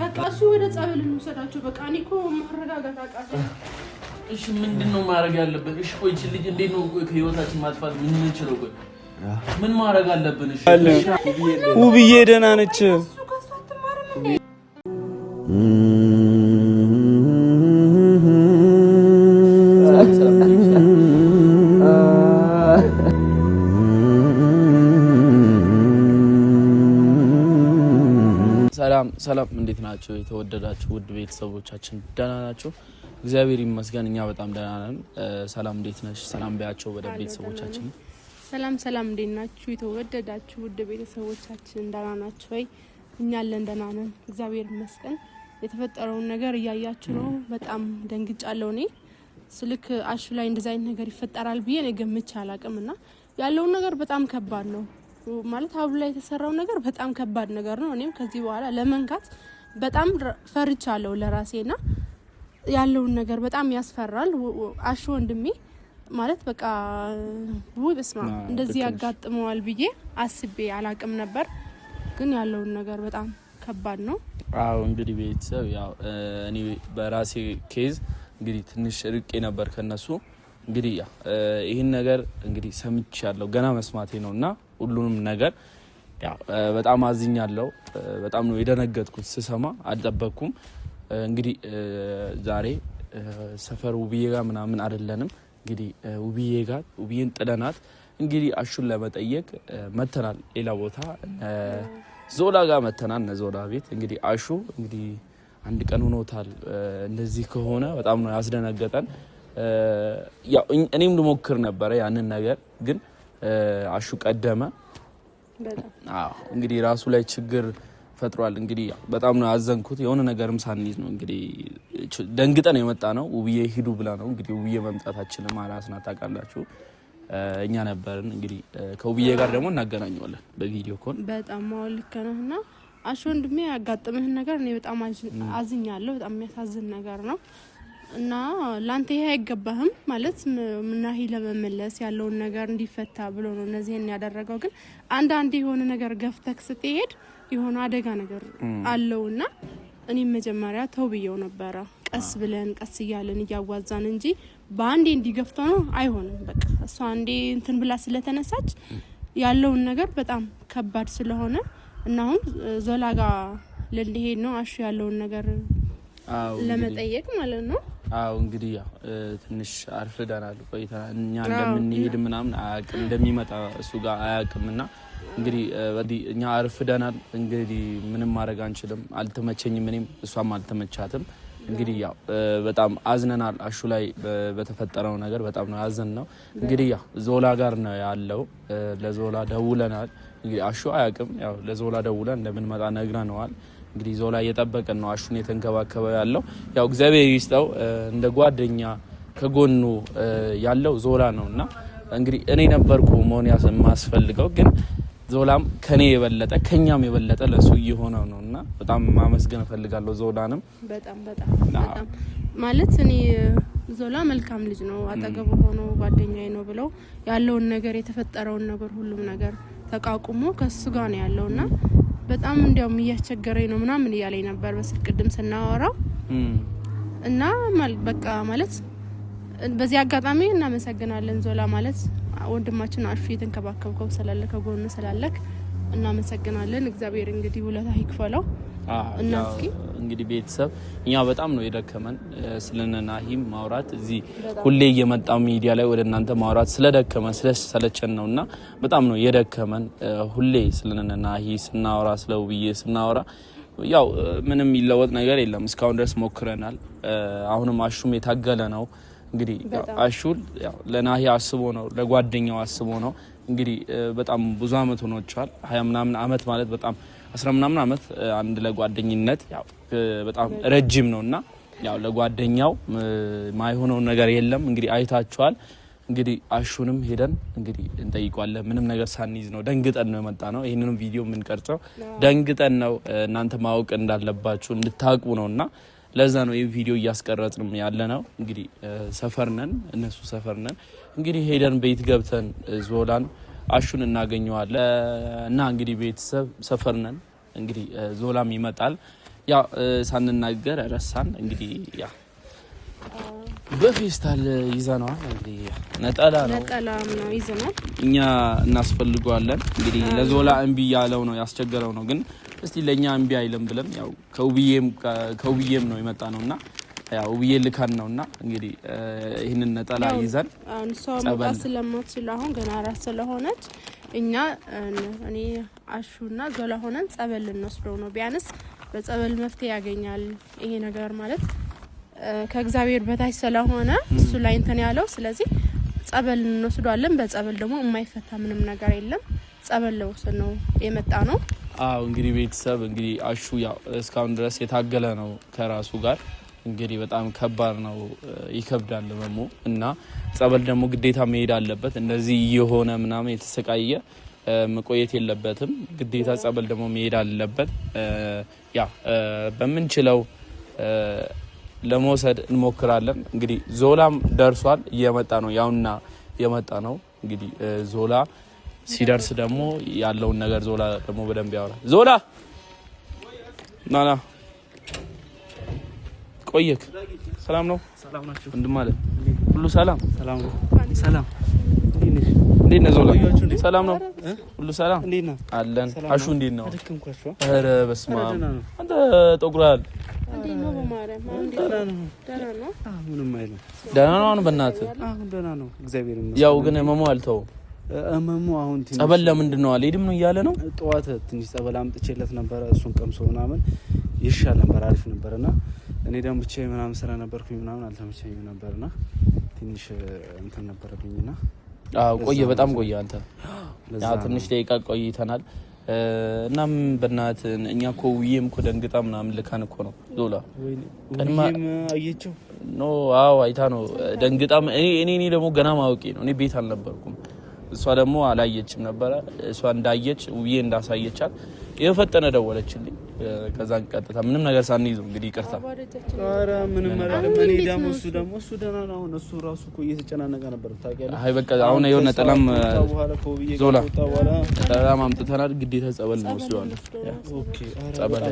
በቃ እሱ ወደ ጸበል እንውሰዳቸው። በቃ እኔ እኮ ማረጋጋት አቃተኝ። እሺ ምንድን ነው ማድረግ ያለብን? እሺ ቆይ ይህችን ልጅ እንዴት ነው ከህይወታችን ማጥፋት የምንችለው? ቆይ ምን ማድረግ አለብን? ውብዬ ደህና ነች። ሰላም እንዴት ናችሁ? የተወደዳችሁ ውድ ቤተሰቦቻችን ደህና ናቸው? እግዚአብሔር ይመስገን እኛ በጣም ደህና ነን። ሰላም እንዴት ነሽ? ሰላም ቢያቸው ወደ ቤተሰቦቻችን። ሰላም ሰላም፣ እንዴት ናችሁ? የተወደዳችሁ ውድ ቤተሰቦቻችን ደህና ናቸው ወይ? እኛ አለን ደህና ነን፣ እግዚአብሔር ይመስገን። የተፈጠረውን ነገር እያያችሁ ነው። በጣም ደንግጫለሁ እኔ ስልክ አሹ ላይ እንደዚ አይነት ነገር ይፈጠራል ብዬ እኔ ገምቼ አላቅም እና ያለውን ነገር በጣም ከባድ ነው ማለት ሀብሉ ላይ የተሰራው ነገር በጣም ከባድ ነገር ነው። እኔም ከዚህ በኋላ ለመንካት በጣም ፈርቻለሁ ለራሴና ያለውን ነገር በጣም ያስፈራል። አሽ ወንድሜ ማለት በቃ ውይ በስማ እንደዚህ ያጋጥመዋል ብዬ አስቤ አላቅም ነበር፣ ግን ያለውን ነገር በጣም ከባድ ነው። አዎ እንግዲህ ቤተሰብ ያው እኔ በራሴ ኬዝ እንግዲህ ትንሽ ርቄ ነበር ከነሱ እንግዲህ ይህን ነገር እንግዲህ ያለው ገና መስማቴ ነው እና ሁሉንም ነገር በጣም አዝኛለሁ። በጣም ነው የደነገጥኩት ስሰማ፣ አልጠበቅኩም። እንግዲህ ዛሬ ሰፈር ውብዬ ጋር ምናምን አይደለንም። እንግዲህ ውብዬ ጋር ውብዬን ጥለናት እንግዲህ አሹን ለመጠየቅ መተናል። ሌላ ቦታ ዞላ ጋር መተናል። ነዞላ ቤት እንግዲህ አሹ እንግዲህ አንድ ቀን ሆኖታል። እንደዚህ ከሆነ በጣም ነው ያስደነገጠን። ያው እኔም ልሞክር ነበረ ያንን ነገር ግን አሹ ቀደመ። እንግዲህ ራሱ ላይ ችግር ፈጥሯል። እንግዲህ በጣም ነው ያዘንኩት። የሆነ ነገርም ሳንይዝ ነው እንግዲህ ደንግጠን የመጣ ነው። ውብዬ ሂዱ ብላ ነው እንግዲህ ውብዬ መምጣታችን አራስና ታውቃላችሁ እኛ ነበርን እንግዲህ ከውብዬ ጋር ደግሞ እናገናኘዋለን በቪዲዮ ኮን። በጣም ልክ ነህ እና አሽ ወንድሜ ያጋጥምህን ነገር እኔ በጣም አዝኛለሁ። በጣም የሚያሳዝን ነገር ነው። እና ለአንተ ይሄ አይገባህም ማለት ምናሂ ለመመለስ ያለውን ነገር እንዲፈታ ብሎ ነው እነዚህን ያደረገው። ግን አንዳንድ የሆነ ነገር ገፍተክ ስትሄድ የሆነ አደጋ ነገር አለውና እኔ መጀመሪያ ተው ብየው ነበረ። ቀስ ብለን ቀስ እያለን እያዋዛን እንጂ በአንዴ እንዲገፍቶ ነው አይሆንም። በቃ እሷ አንዴ እንትን ብላ ስለተነሳች ያለውን ነገር በጣም ከባድ ስለሆነ እና አሁን ዞላ ልንሄድ ነው አሹ ያለውን ነገር ለመጠየቅ ማለት ነው። አዎ እንግዲህ ያው ትንሽ አርፍደናል ቆይተናል። እኛ እንደምንሄድ ምናምን አያውቅም እንደሚመጣ እሱ ጋር አያውቅም። እና እንግዲህ እኛ አርፍደናል። እንግዲህ ምንም ማድረግ አንችልም። አልተመቸኝም፣ እኔም እሷም አልተመቻትም። እንግዲህ ያው በጣም አዝነናል። አሹ ላይ በተፈጠረው ነገር በጣም ነው ያዘን ነው። እንግዲህ ያው ዞላ ጋር ነው ያለው። ለዞላ ደውለናል። እንግዲህ አሹ አያውቅም። ያው ለዞላ ደውለን እንደምንመጣ ነግረነዋል። እንግዲህ ዞላ እየጠበቀን ነው። አሹን የተንከባከበ ያለው ያው እግዚአብሔር ይስጠው እንደ ጓደኛ ከጎኑ ያለው ዞላ ነው እና እንግዲህ እኔ ነበርኩ መሆን የማስፈልገው ግን ዞላም ከኔ የበለጠ ከኛም የበለጠ ለሱ እየሆነው ነው እና በጣም ማመስገን እፈልጋለሁ። ዞላንም በጣም በጣም ማለት እኔ ዞላ መልካም ልጅ ነው። አጠገቡ ሆኖ ጓደኛዬ ነው ብለው ያለውን ነገር የተፈጠረውን ነገር ሁሉም ነገር ተቃቁሞ ከሱ ጋር ነው ያለውና በጣም እንዲያውም እያስቸገረኝ ነው ምናምን እያለኝ ነበር በስልክ ቅድም ስናወራው እና በቃ ማለት በዚህ አጋጣሚ እናመሰግናለን ዞላ ማለት ወንድማችን አሹ የተንከባከብከው ስላለ ከጎን ስላለክ እናመሰግናለን። እግዚአብሔር እንግዲህ ውለታ ይክፈለው። እንግዲህ ቤተሰብ እኛ በጣም ነው የደከመን። ስለነ ናሂም ማውራት እዚህ ሁሌ እየመጣ ሚዲያ ላይ ወደ እናንተ ማውራት ስለደከመን ስለሰለቸን ነው እና በጣም ነው የደከመን። ሁሌ ስለነ ናሂ ስናወራ ስለ ውብዬ ስናወራ ያው ምንም ይለወጥ ነገር የለም። እስካሁን ድረስ ሞክረናል። አሁንም አሹም የታገለ ነው። እንግዲህ አሹል ለናሂ አስቦ ነው፣ ለጓደኛው አስቦ ነው። እንግዲህ በጣም ብዙ አመት ሆኖቸዋል። ሀያ ምናምን አመት ማለት በጣም አስራ ምናምን ዓመት አንድ ለጓደኝነት በጣም ረጅም ነው እና ያው ለጓደኛው ማይሆነው ነገር የለም እንግዲህ አይታችኋል። እንግዲህ አሹንም ሄደን እንግዲህ እንጠይቋለን። ምንም ነገር ሳንይዝ ነው ደንግጠን ነው የመጣ ነው። ይህንንም ቪዲዮ የምንቀርጸው ደንግጠን ነው። እናንተ ማወቅ እንዳለባችሁ እንድታውቁ ነው እና ለዛ ነው ይህ ቪዲዮ እያስቀረጽንም ያለ ነው። እንግዲህ ሰፈርነን እነሱ ሰፈርነን እንግዲህ ሄደን ቤት ገብተን ዞላን አሹን እናገኘዋለን እና እንግዲህ ቤተሰብ ሰፈር ነን። እንግዲህ ዞላም ይመጣል። ያ ሳንናገር ረሳን። እንግዲህ ያ በፌስታል ይዘነዋል። እንግዲህ ነጠላ ነው ይዘናል። እኛ እናስፈልገዋለን። እንግዲህ ለዞላ እምቢ ያለው ነው ያስቸገረው ነው። ግን እስቲ ለእኛ እምቢ አይለም ብለን ያው ከውብዬም ነው የመጣ ነው እና ያው ልካን ነውና እንግዲህ ይህንን ነጠላ ይዘን አሁን እሷ መውጣት ስለማትችል አሁን ገና አራት ስለሆነች እኛ እኔ አሹና ዞላ ሆነን ጸበል ልንወስደው ነው። ቢያንስ በጸበል መፍትሄ ያገኛል ይሄ ነገር ማለት ከእግዚአብሔር በታች ስለሆነ እሱ ላይ እንትን ያለው ስለዚህ ጸበል እንወስዷለን። በጸበል ደግሞ የማይፈታ ምንም ነገር የለም። ጸበል ለውስን ነው የመጣ ነው። አዎ እንግዲህ ቤተሰብ እንግዲህ አሹ ያው እስካሁን ድረስ የታገለ ነው ከራሱ ጋር እንግዲህ በጣም ከባድ ነው፣ ይከብዳል መሞ እና ጸበል ደግሞ ግዴታ መሄድ አለበት። እንደዚህ የሆነ ምናምን የተሰቃየ መቆየት የለበትም። ግዴታ ጸበል ደግሞ መሄድ አለበት። ያ በምንችለው ለመውሰድ እንሞክራለን። እንግዲህ ዞላም ደርሷል፣ እየመጣ ነው። ያውና የመጣ ነው እንግዲህ ዞላ ሲደርስ ደግሞ ያለውን ነገር ዞላ ደግሞ በደንብ ያወራል። ዞላ ናና ቆየክ? ሰላም ነው? ሰላም ናችሁ? ወንድም አለ ሁሉ ሰላም ሰላም ነው። ሰላም እንዴት ነህ? ዞላ ሰላም ነው? ሁሉ ሰላም አለን። አሹ እንዴት ነው? ኧረ በስመ አብ አንተ ጠጉራል። ደህና ነው። አሁን በእናትህ ያው ግን ህመሙ አልተው እመሙ አሁን ትንሽ ጸበል ለምንድን ነው አልሄድም ነው እያለ ነው። ጠዋት ትንሽ ጸበል አምጥቼለት ነበረ እሱን ቀምሶ ምናምን ይሻል ነበር፣ አሪፍ ነበርና እኔ ደግሞ ብቻ ምናምን ስለነበርኩኝ ምናምን ነበር ነበርና ትንሽ እንትን ነበረብኝና ቆየ፣ በጣም ቆየ። አንተ ትንሽ ደቂቃ ቆይተናል። እናም በእናት እኛ እኮ ውዬም እኮ ደንግጣ ምናምን ልካን እኮ ነው ዞላ አየችው። ኖ አዎ አይታ ነው ደንግጣ። እኔ እኔ ደግሞ ገና ማወቂ ነው። እኔ ቤት አልነበርኩም። እሷ ደግሞ አላየችም ነበረ። እሷ እንዳየች ውዬ እንዳሳየቻል የፈጠነ ደወለችልኝ። ከዛን ቀጥታ ምንም ነገር ሳንይዝ እንግዲህ ይቅርታ። ኧረ ምንም አይደለም። እኔ ደግሞ እሱ ደግሞ እሱ ደህና ነው። አሁን እሱ ራሱ እኮ እየተጨናነቀ ነበር ታውቂያለሽ። አይ በቃ አሁን የሆነ ጠላም ዞላ ጠላም አምጥተናል። ግዴታ ጸበል ነው ወስደዋለሁ። ኦኬ ጸበል።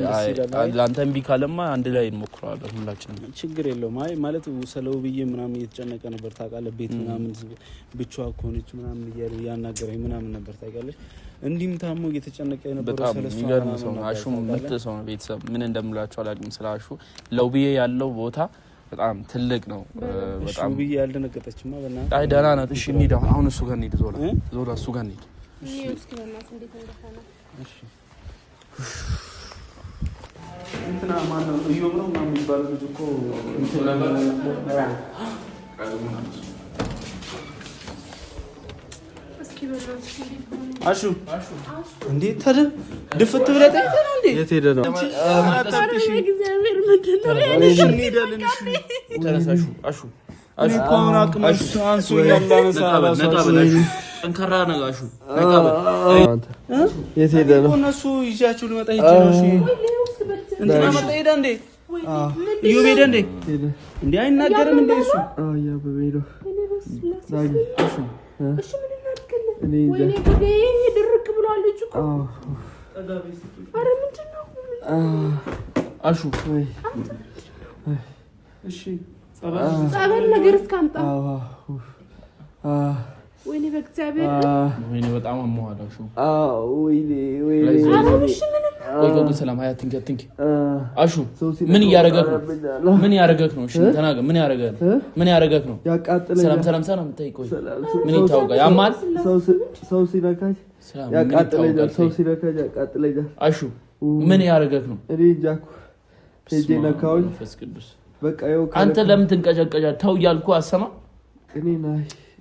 አይ ለአንተ እምቢ ካለማ አንድ ላይ እንሞክረዋለን ሁላችንም፣ ችግር የለውም። አይ ማለት ሰለው ብዬ ምናምን እየተጨነቀ ነበር ታውቃለህ። ቤት ምናምን ብቻዋ ከሆነች ምናምን እያሉ እያናገረኝ ምናምን ነበር ታውቂያለሽ እንዲህም ታሞ እየተጨነቀ በጣም የሚገርም ሰው ነው። አሹ ምርጥ ሰው ነው። ቤተሰብ ምን እንደምላቸው አላውቅም። ስለ አሹ ለውብዬ ያለው ቦታ በጣም ትልቅ ነው። በጣም ውብዬ ያልደነገጠችማ አይ ደህና ናት። እሺ እንሂድ አሁን እሱ ጋር እንሂድ። ዞላ ዞላ እሱ ጋር እንሂድ። እንትና ማነው? እዮብ ነው የሚባለው ልጅ እኮ አሹ እንዴት ተር ድፍት ብለህ ጠይቀህ ነው እንዴ? የት ሄደህ ነው? ጠንካራ ነህ አሹ። የት ሄደህ ነው? እነሱ ይዣችሁ ልመጣ ሄጄ ነው። እንትና መጣ ሄደ እንዴ? እዮብ ሄደ እንዴ? እንዴ አይናገርም እንዴ እሱ ድርቅ ብሏል። አሹ ጸበል ነገር እስካምጣ ወይኔ በእግዚአብሔር ወይኔ ሰላም ሀያ ትንኪ አትንኪ። አሹ ምን እያደረገህ ነው? ምን ያደረገህ ነው? ተናገር። ምን ያደረገህ ነው? ምን ያደረገህ ነው? ሰላም ሰላም ሰላም። ጠይቆኝ ምን ይታወቃል? ያማል። ሰው ሲነካኝ ያቃጥለኛል። ሰው ሲነካኝ ያቃጥለኛል። አሹ ምን ያደረገህ ነው? እኔ እንጃ እኮ ሄጄ ነካሁኝ። በቃ አንተ ለምን ትንቀጨቀጫ? ተው እያልኩ አሰማ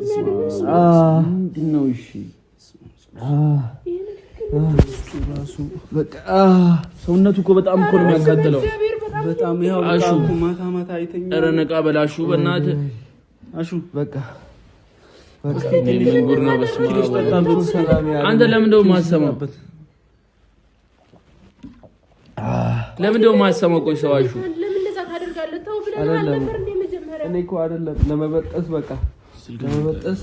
ምንድነው? ሰውነቱ እኮ በጣም እኮ ነው የሚያቃጥለው። በጣም ያው ማታ ማታ አይተኛ። ኧረ ነቃ በል በእናትህ አሹ። በቃ አንተ ለምን ማሰማበት ለምን እንደው ቆይ ሰው አሹ፣ ለምን እንደዛ ታደርጋለህ? ተው ብለህ ነበር እንደ መጀመሪያ። እኔ እኮ አይደለም ለመበጠስ በቃ ለመበጠስ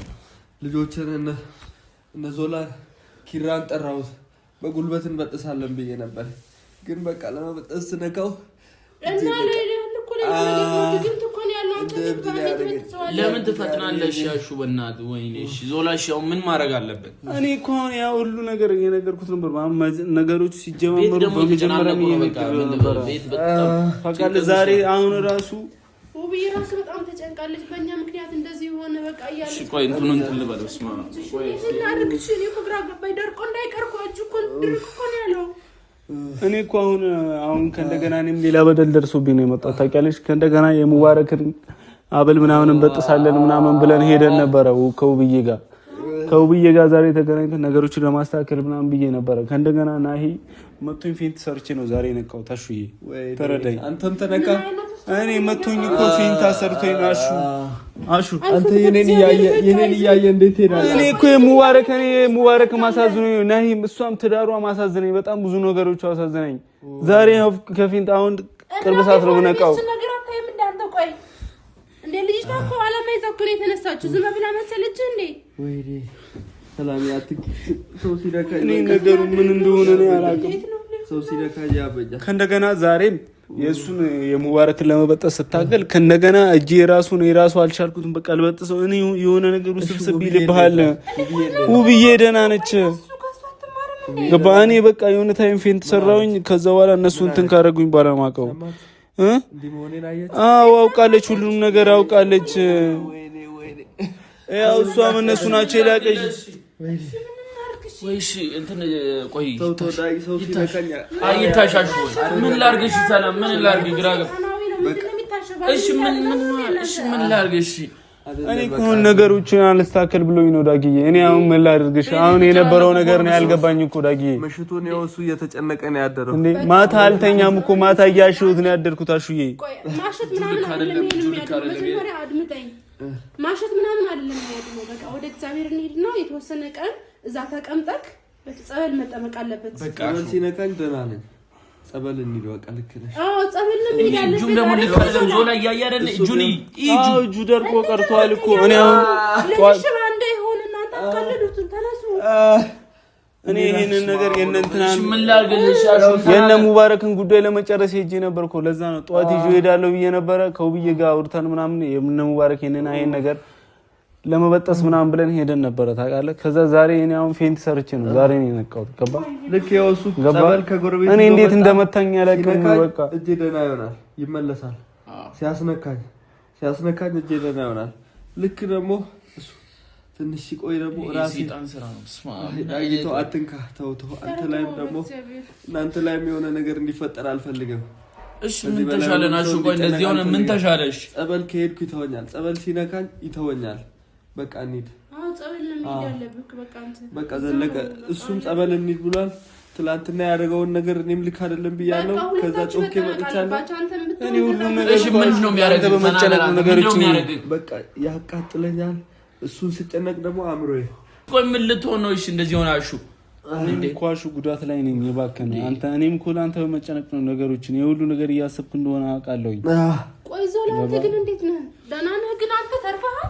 ልጆችን እነ ዞላን ኪራን ጠራሁት። በጉልበት እንበጥሳለን ብዬ ነበር፣ ግን በቃ ለመበጠስ ስነካው ለምን ትፈጥናለሽ? ያሹ በእናትህ ወይኔ፣ እሺ ያው ምን ማድረግ አለብን? እኔ እኮ አሁን ያው ሁሉ ነገር እየነገርኩት ነበር። ነገሮቹ ሲጀመሩ በመጀመሪያ ዛሬ አሁን ራሱ ትጨነቃለች። በእኛ ምክንያት እንደዚህ የሆነ በቃ እያለች ቆይ እንትኑ እንትን ልበል ስማ ቆይ እናድርግ እኔ እኮ ግራ ገባኝ። ደርቆ እንዳይቀር እኮ እጁ እኮ ድርቅ እኮ ነው ያለው። እኔ እኮ አሁን አሁን ከእንደገና እኔም ሌላ በደል ደርሶብኝ ነው የመጣሁት ታውቂያለሽ። ከእንደገና የሙባረክን አበል ምናምን እንበጥሳለን ምናምን ብለን ሄደን ነበረ ከውብዬ ጋር ከውብዬ ጋር ዛሬ ተገናኝተን ነገሮችን ለማስተካከል ምናምን ብዬ ነበረ። ከእንደገና ናሂ መቶኝ ፌንት ሰርቼ ነው ዛሬ የነቃሁት። ታሹዬ ተረዳኝ። አንተም ተነቃ እኔ መቶኝ እኮ ፊንታ ሰርቶኝ አሹ አሹ አንተ የኔን እያየ የኔን እያየ እንዴት ትሄዳለህ? እኔ እኮ የሙባረክ እኔ የሙባረክ ማሳዝነኝ ናሂም፣ እሷም ትዳሯ ማሳዝነኝ፣ በጣም ብዙ ነገሮች አሳዝነኝ። ዛሬ ከፊንታ አሁን ቅርብ ሰዓት ነው የምነቃው። ነገሩ ምን እንደሆነ እኔ አላውቅም። ከእንደገና ዛሬም የእሱን የሙባረክን ለመበጠስ ስታገል ከነገና እጅ የራሱን የራሱ አልቻልኩትም። በቃ አልበጥሰው እኔ የሆነ ነገር ውስብስብ ይልብሃል። ውብዬ ደህና ነች ገባ። እኔ በቃ የሆነ ታይም ፌንት ሰራሁኝ። ከዛ በኋላ እነሱ እንትን ካደረጉኝ ባለማቀው አዎ፣ አውቃለች፣ ሁሉንም ነገር አውቃለች። ያው እሷም እነሱ ናቸው የላቀች ወይሽ እንትን ቆይ ይታሻሽ ምን ላርገሽ? ሰላም ምን ላርግ? ግራ እሺ ምን ምን እሺ፣ ላርግ? እሺ እኔ ከሆነ ነገሮችን አልስተካከል ብሎኝ ነው ዳግዬ። እኔ አሁን ምን ላድርግሽ? አሁን የነበረው ነገር ነው ያልገባኝ እኮ ዳግዬ። ምሽቱን ያው እሱ እየተጨነቀ ነው ያደረው። እንዴ ማታ አልተኛም እኮ ማታ እያሸሁት ነው ያደርኩት። አሹዬ ማሸት ምናምን አይደለም፣ ማሸት ምናምን አይደለም። ወደ እግዚአብሔር ነው የተወሰነ ቀን እዛ ተቀምጠክ ጸበል መጠመቅ አለበት። ጸበል ሲነካኝ ደህና ነኝ። ጸበል እንሂድ በቃ። ልክ ነሽ። አዎ ጸበል እንሂድ እጁ ደርቆ ቀርቷል እኮ እኔ አሁን እኔ ነገር የእነ ሙባረክን ጉዳይ ለመጨረስ ሄጄ ነበር እኮ ለዛ ነው ጠዋት ይዤ እሄዳለሁ ብዬ ነበረ ከውብዬ ጋር አውርተን ምናምን የእነ ሙባረክ ይሄን ነገር ለመበጠስ ምናምን ብለን ሄደን ነበረ ታውቃለህ። ከዛ ዛሬ እኔ አሁን ፌንት ሰርቼ ነው ዛሬ ነው የነቃሁት። ገባ ልክ የወሱ ጸበል ከጎረቤት እኔ እንዴት እንደመታኝ ያለቀኝ። በቃ እጄ ደህና ይሆናል፣ ይመለሳል። ሲያስነካኝ ሲያስነካኝ እጄ ደህና ይሆናል። ልክ ደግሞ ትንሽ ሲቆይ ደግሞ ራሴ አትንካ፣ ተው ተው። አንተ ላይም ደግሞ እናንተ ላይም የሆነ ነገር እንዲፈጠር አልፈልግም። እሺ ምን ተሻለ ናችሁ? ቆይ እንደዚህ ሆነ ምን ተሻለሽ? ጸበል ከሄድኩ ይተወኛል። ጸበል ሲነካኝ ይተወኛል። በቃ እንሂድ። በቃ ዘለቀ እሱም ጸበል እንሂድ ብሏል። ትላንትና ያደረገውን ነገር እኔም ልክ አይደለም ብያለሁ። ከዛ ጮኬ መጥቻለሁ። እኔ ሁሉ ነገር በመጨነቅ ነገሮችን በቃ ያቃጥለኛል። እሱን ስጨነቅ ደግሞ አእምሮዬ ቆይ ምን ልትሆን ነው? እሺ እንደዚህ ሆነ አሹ ኳሹ ጉዳት ላይ ነኝ። የባከነ አንተ እኔም እኮ ለአንተ በመጨነቅ ነው ነገሮችን የሁሉ ነገር እያሰብክ እንደሆነ አውቃለሁኝ። ቆይ ዞላ አንተ ግን እንዴት ነህ? ደህና ነህ? ግን አንተ ተርፈሃል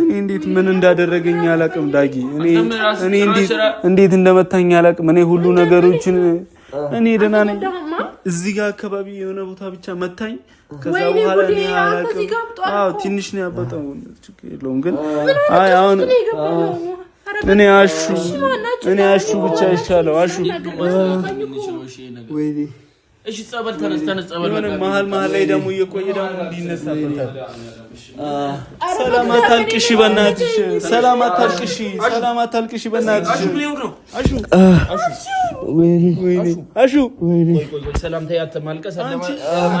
እኔ እንዴት ምን እንዳደረገኝ አላውቅም ዳጊ። እኔ እኔ እንዴት እንደመታኝ አላውቅም። እኔ ሁሉ ነገሮችን እኔ ደህና ነኝ። እዚህ ጋር አካባቢ የሆነ ቦታ ብቻ መታኝ። ከዛ በኋላ እኔ አላውቅም። አዎ ትንሽ ነው ያበጠው፣ ችግር የለውም ግን አይ አሁን እኔ አሹ እኔ አሹ ብቻ ይሻለው አሹ ወይኔ እሺ ጸበል ተነስ ተነስ ጸበል ሆነ። መሀል መሀል ላይ ደግሞ እየቆየ ደግሞ እንዲነሳበታል። ሰላም አታልቅሺ፣ በእናትሽ ሰላም አታልቅሺ፣ ሰላም አታልቅሺ፣ በእናትሽ አሹ ሰላም ተያት ማልቀስ አለማልቀስ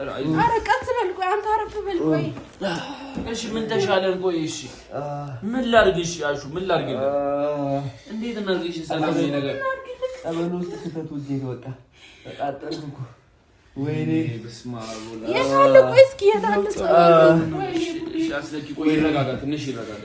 ኧረ ቀስ በል ቆይ፣ አንተ አረፍ በል ቆይ። እሺ ምን ተሻለን? ቆይ እሺ ምን ላድርግ? እሺ አሹ ምን ላድርግ? እንዴት እናድርግ? እሺ ሰላም ነገር ጠበሉ ውስጥ ክተቱ እጄ ተቃጠልኩ እኮ ወይኔ። የት ቆይ እስኪ የት አለ? ቆይ፣ ይረጋጋ ትንሽ ይረጋጋ።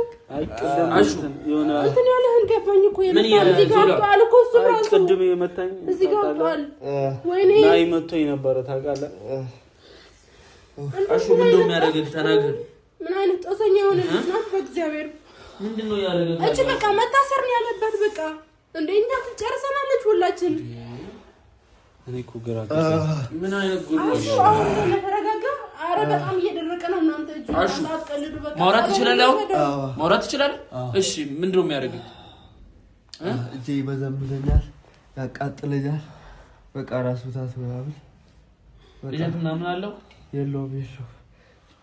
ነበረ ታውቃለህ። አሹ ምን እንደሚያደርግህ ተናገር። ምን አይነት ጦሰኛ የሆነ ልጅ ናት! በእግዚአብሔር ምንድን ነው ያደረገ? እች በቃ መታሰር ነው ያለበት። በቃ እንደ እኛ ትጨርሰናለች ሁላችን። እኔ እኮ ግራ ምን አይነት ጉድ ነው! ተረጋጋ። አረ በጣም እየደ ወርቅ ነው። እናንተ እጅ አትቀልዱ። በቃ ማውራት ትችላለህ፣ ማውራት ትችላለህ። እሺ ምንድን ነው የሚያደርገኝ? እጄ ይበዘብዘኛል፣ ያቃጥለኛል። በቃ ራሱ ታስ ምናምን ልጀት ምናምን አለው የለውም፣ የለውም።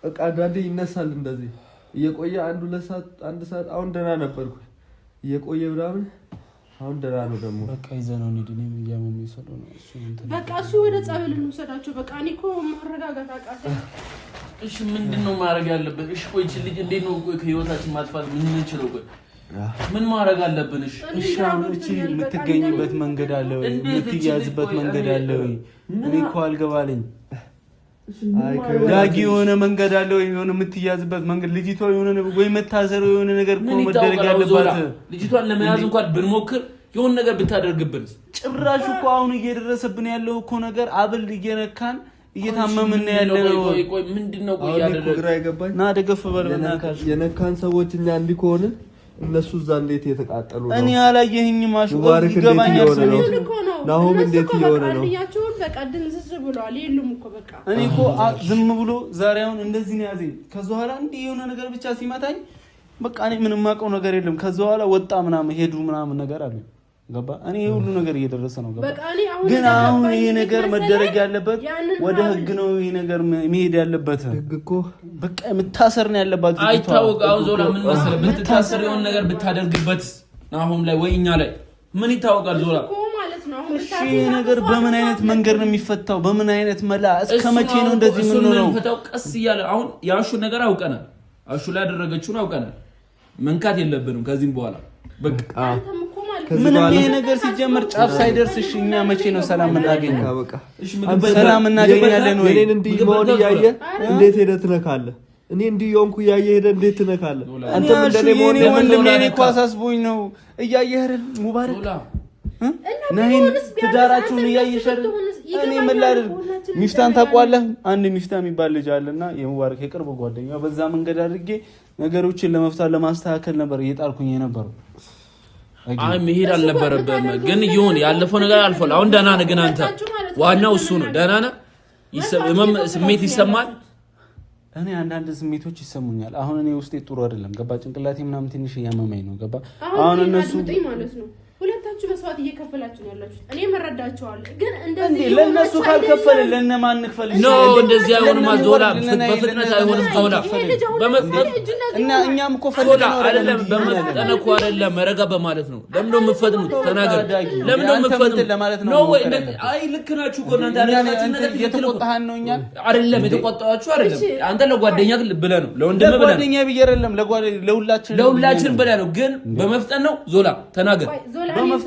በቃ አንዳንዴ ይነሳል እንደዚህ እየቆየ አንድ ሁለት ሰዓት አንድ ሰዓት አሁን ደህና ነበርኩ። እየቆየ ምናምን አሁን ደህና ነው። ደግሞ በቃ ይዘህ እንሂድ። እኔም እያመመኝ የሚሰለው ነው። በቃ እሱ ወደ ጸበል እንውሰዳቸው። በቃ እኔ እኮ ማረጋጋት አቃተኝ። እሺ ምንድን ነው ማድረግ ያለብን? እሺ ቆይ ይህችን ልጅ እንዴት ነው ከህይወታችን ማጥፋት የምንችለው? ቆይ ምን ማድረግ አለብን? እሺ እሺ፣ አምጪ የምትገኝበት መንገድ አለ ወይ? የምትያዝበት መንገድ አለ ወይ? እኔ እኮ አልገባልኝ። ዳጊ የሆነ መንገድ አለ ወይ? የሆነ የምትያዝበት መንገድ ልጅቷ የሆነ ወይ መታሰር የሆነ ነገር እኮ መደረግ ያለባት ልጅቷን ለመያዝ እንኳን ብንሞክር የሆነ ነገር ብታደርግብን። ጭራሽ እኮ አሁን እየደረሰብን ያለው እኮ ነገር አብል እየነካን እየታመምን ያለ ነው። ቆይ ምንድን ነው ግራ የገባኝ ና ደገፍ በል በእናትህ። የነካን ሰዎች እኛ እንዲህ ከሆነ እነሱ እዛ እንዴት እየተቃጠሉ ነው? እኔ አላየኸኝም። አሹ ይገባኛል። ነው ናሆም እንዴት እየሆነ ነው? በቃ ድንዝዝ ብሏል። የሉም እኮ በቃ እኔ እኮ ዝም ብሎ ዛሬ አሁን እንደዚህ ነው ያዘኝ። ከዛ በኋላ እንዲህ የሆነ ነገር ብቻ ሲመታኝ በቃ እኔ ምንም አውቀው ነገር የለም። ከዛ በኋላ ወጣ ምናምን ሄዱ ምናምን ነገር አለ ገባ እኔ ይሄ ሁሉ ነገር እየደረሰ ነው። ገባ ግን አሁን ይሄ ነገር መደረግ ያለበት ወደ ህግ ነው። ይሄ ነገር መሄድ ያለበት ህግ እኮ በቃ የምታሰር ነው ያለባት። አይታወቅ አሁን ዞላ ምን መሰለህ ብትታሰር የሆነ ነገር ብታደርግበት አሁን ላይ ወይ እኛ ላይ ምን ይታወቃል ዞላ ይህ ነገር በምን አይነት መንገድ ነው የሚፈታው? በምን አይነት መላ እስከ መቼ ነው እንደዚህ ምን ነው የምንሆነው? ቀስ እያለ አሁን የአሹ ነገር አውቀናል። አሹ ላይ ያደረገችውን አውቀናል። መንካት የለብንም ከዚህም በኋላ በቃ ምንም ይሄ ነገር ሲጀመር ጫፍ ሳይደርስሽ እኛ መቼ ነው ሰላም እናገኛለን? ሰላም እናገኛለን ወይ? እኔን እንዲህ መሆን እያየ እንዴት ሄደህ ትነካለህ? እኔ እንዲህ የሆንኩ ሄደህ እንዴት ትነካለህ? አንተ እንደኔ መሆን ወንድሜ፣ እኔ እኮ አሳስቦኝ ነው እያየ አይደል? ሙባረክ ናይን ትዳራችሁን እያየሽ እኔ ሚፍታን ታውቀዋለህ? አንድ ሚፍታ የሚባል ልጅ አለና የሙባረክ የቅርብ ጓደኛ፣ በዛ መንገድ አድርጌ ነገሮችን ለመፍታት ለማስተካከል ነበር እየጣርኩኝ የነበረው አይ መሄድ አልነበረብህም፣ ግን ይሁን ያለፈው ነገር አልፏል። አሁን ደህና ነህ፣ ግን አንተ ዋናው እሱ ነው። ደህና ነህ? ስሜት ይሰማል። እኔ አንዳንድ ስሜቶች ይሰሙኛል። አሁን እኔ ውስጤ ጥሩ አይደለም፣ ገባ ጭንቅላቴ ምናምን ትንሽ እያመመኝ ነው፣ ገባ አሁን እነሱ ብዙዎቹ መስዋዕት እየከፈላችሁ ነው ያላችሁት። እኔ መረዳቸዋለሁ፣ ግን እንደዚህ ለነሱ ለእነሱ ለነማን ለእነማን ኖ እንደዚህ አይሆንም። ዞላ በፍጥነት አይሆንም። ዞላ እና እኛም እኮ አይደለም በመፍጠን እኮ አይደለም ረጋ በማለት ነው። ለምን ነው የምትፈጥኑት? ተናገር። ለምን ነው የምትፈጥኑት? አይ ልክ ናችሁ እኮ እናንተ። የተቆጣኸን ነው እኛ አይደለም የተቆጣኋችሁ አይደለም። አንተ ለጓደኛ ብለህ ነው ለወንድም ብለህ ጓደኛ ብዬ አይደለም ለሁላችን ብለህ ነው። ግን በመፍጠን ነው ዞላ ተናገር በመፍጠን